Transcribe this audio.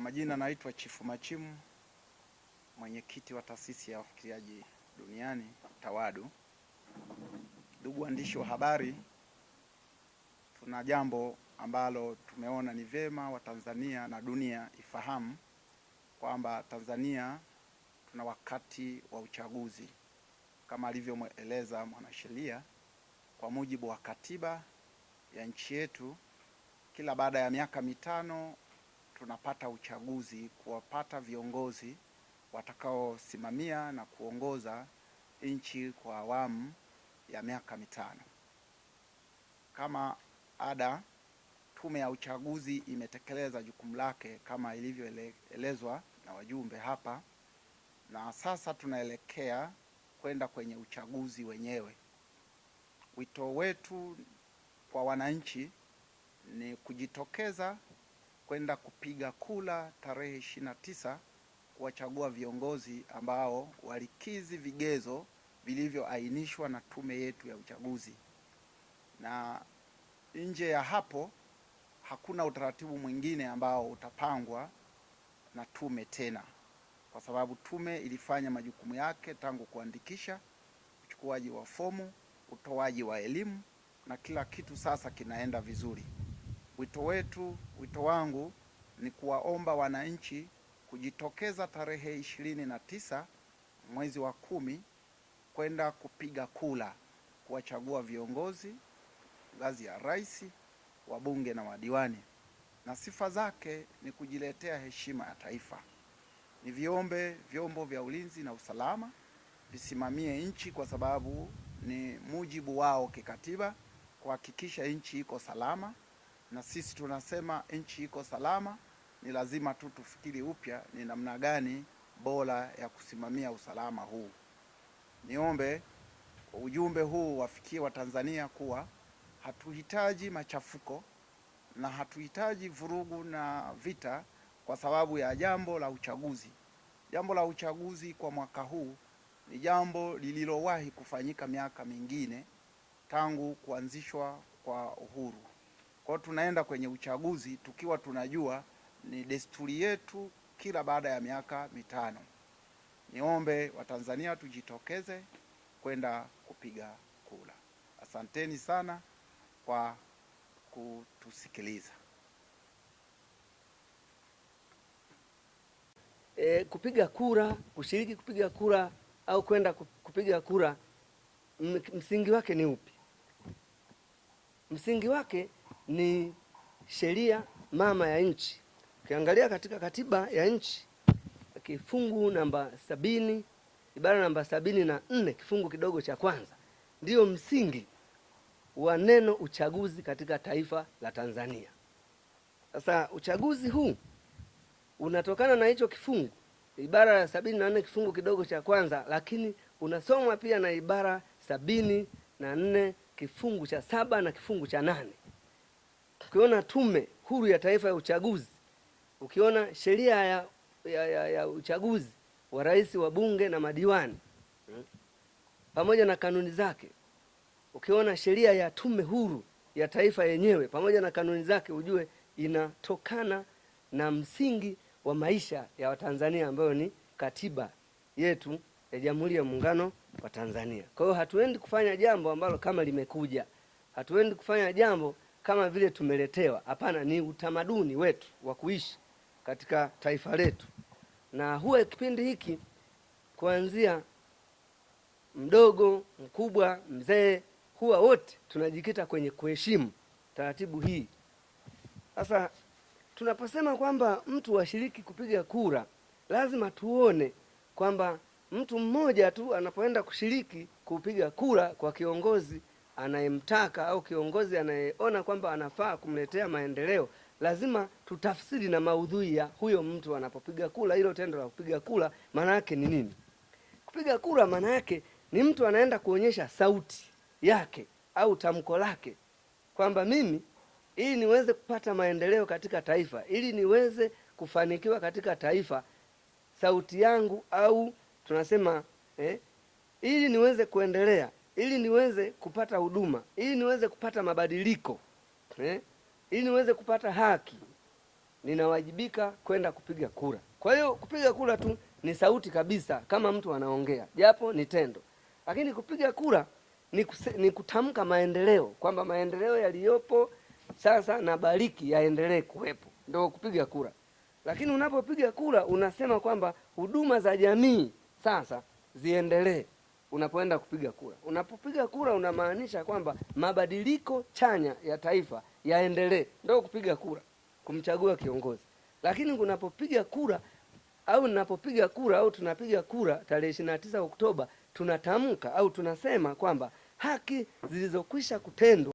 Kwa majina naitwa Chifu Machimu, mwenyekiti wa taasisi ya wafikiriaji duniani TAWADU. Ndugu waandishi wa habari, tuna jambo ambalo tumeona ni vyema Watanzania na dunia ifahamu kwamba Tanzania tuna wakati wa uchaguzi kama alivyomweleza mwanasheria. Kwa mujibu wa katiba ya nchi yetu, kila baada ya miaka mitano tunapata uchaguzi, kuwapata viongozi watakaosimamia na kuongoza nchi kwa awamu ya miaka mitano. Kama ada, Tume ya Uchaguzi imetekeleza jukumu lake kama ilivyoelezwa na wajumbe hapa, na sasa tunaelekea kwenda kwenye uchaguzi wenyewe. Wito wetu kwa wananchi ni kujitokeza kwenda kupiga kula tarehe 29 tisa kuwachagua viongozi ambao walikizi vigezo vilivyoainishwa na tume yetu ya uchaguzi, na nje ya hapo hakuna utaratibu mwingine ambao utapangwa na tume tena, kwa sababu tume ilifanya majukumu yake tangu kuandikisha, uchukuaji wa fomu, utoaji wa elimu na kila kitu sasa kinaenda vizuri. Wito wetu, wito wangu ni kuwaomba wananchi kujitokeza tarehe ishirini na tisa mwezi wa kumi kwenda kupiga kula kuwachagua viongozi ngazi ya rais, wabunge na wadiwani, na sifa zake ni kujiletea heshima ya taifa. Ni viombe vyombo vya ulinzi na usalama visimamie nchi kwa sababu ni mujibu wao kikatiba kuhakikisha nchi iko salama na sisi tunasema nchi iko salama, ni lazima tu tufikiri upya ni namna gani bora ya kusimamia usalama huu. Niombe ujumbe huu wafikie Watanzania kuwa hatuhitaji machafuko na hatuhitaji vurugu na vita kwa sababu ya jambo la uchaguzi. Jambo la uchaguzi kwa mwaka huu ni jambo lililowahi kufanyika miaka mingine tangu kuanzishwa kwa uhuru. Kwa hiyo tunaenda kwenye uchaguzi tukiwa tunajua ni desturi yetu kila baada ya miaka mitano. Niombe Watanzania tujitokeze kwenda kupiga kura. Asanteni sana kwa kutusikiliza. E, kupiga kura, kushiriki kupiga kura au kwenda kupiga kura, msingi wake ni upi? Msingi wake ni sheria mama ya nchi. Ukiangalia katika katiba ya nchi kifungu namba sabini ibara namba sabini na nne kifungu kidogo cha kwanza ndiyo msingi wa neno uchaguzi katika taifa la Tanzania. Sasa uchaguzi huu unatokana na hicho kifungu ibara ya sabini na nne kifungu kidogo cha kwanza, lakini unasoma pia na ibara sabini na nne kifungu cha saba na kifungu cha nane ukiona Tume Huru ya Taifa ya Uchaguzi, ukiona sheria ya, ya, ya, ya uchaguzi wa rais wa bunge na madiwani hmm, pamoja na kanuni zake, ukiona sheria ya Tume Huru ya Taifa yenyewe pamoja na kanuni zake, ujue inatokana na msingi wa maisha ya Watanzania ambayo ni katiba yetu ya Jamhuri ya Muungano wa Tanzania. Kwa hiyo hatuendi kufanya jambo ambalo kama limekuja, hatuendi kufanya jambo kama vile tumeletewa. Hapana, ni utamaduni wetu wa kuishi katika taifa letu, na huwa kipindi hiki kuanzia mdogo, mkubwa, mzee, huwa wote tunajikita kwenye kuheshimu taratibu hii. Sasa tunaposema kwamba mtu washiriki kupiga kura, lazima tuone kwamba mtu mmoja tu anapoenda kushiriki kupiga kura kwa kiongozi anayemtaka au kiongozi anayeona kwamba anafaa kumletea maendeleo, lazima tutafsiri na maudhui ya huyo mtu anapopiga kura. Hilo tendo la kupiga kura maana yake ni nini? Kupiga kura maana yake ni mtu anaenda kuonyesha sauti yake au tamko lake kwamba mimi, ili niweze kupata maendeleo katika taifa, ili niweze kufanikiwa katika taifa, sauti yangu au tunasema eh, ili niweze kuendelea ili niweze kupata huduma, ili niweze kupata mabadiliko eh, ili niweze kupata haki, ninawajibika kwenda kupiga kura. Kwa hiyo kupiga kura tu ni sauti kabisa, kama mtu anaongea, japo ni tendo, lakini kupiga kura ni, kuse, ni kutamka maendeleo kwamba maendeleo yaliyopo sasa na bariki yaendelee kuwepo, ndio kupiga kura. Lakini unapopiga kura unasema kwamba huduma za jamii sasa ziendelee unapoenda kupiga kura. Unapopiga kura, unamaanisha kwamba mabadiliko chanya ya taifa yaendelee, ndo kupiga kura, kumchagua kiongozi. Lakini unapopiga kura au ninapopiga kura au tunapiga kura tarehe ishirini na tisa Oktoba, tunatamka au tunasema kwamba haki zilizokwisha kutendwa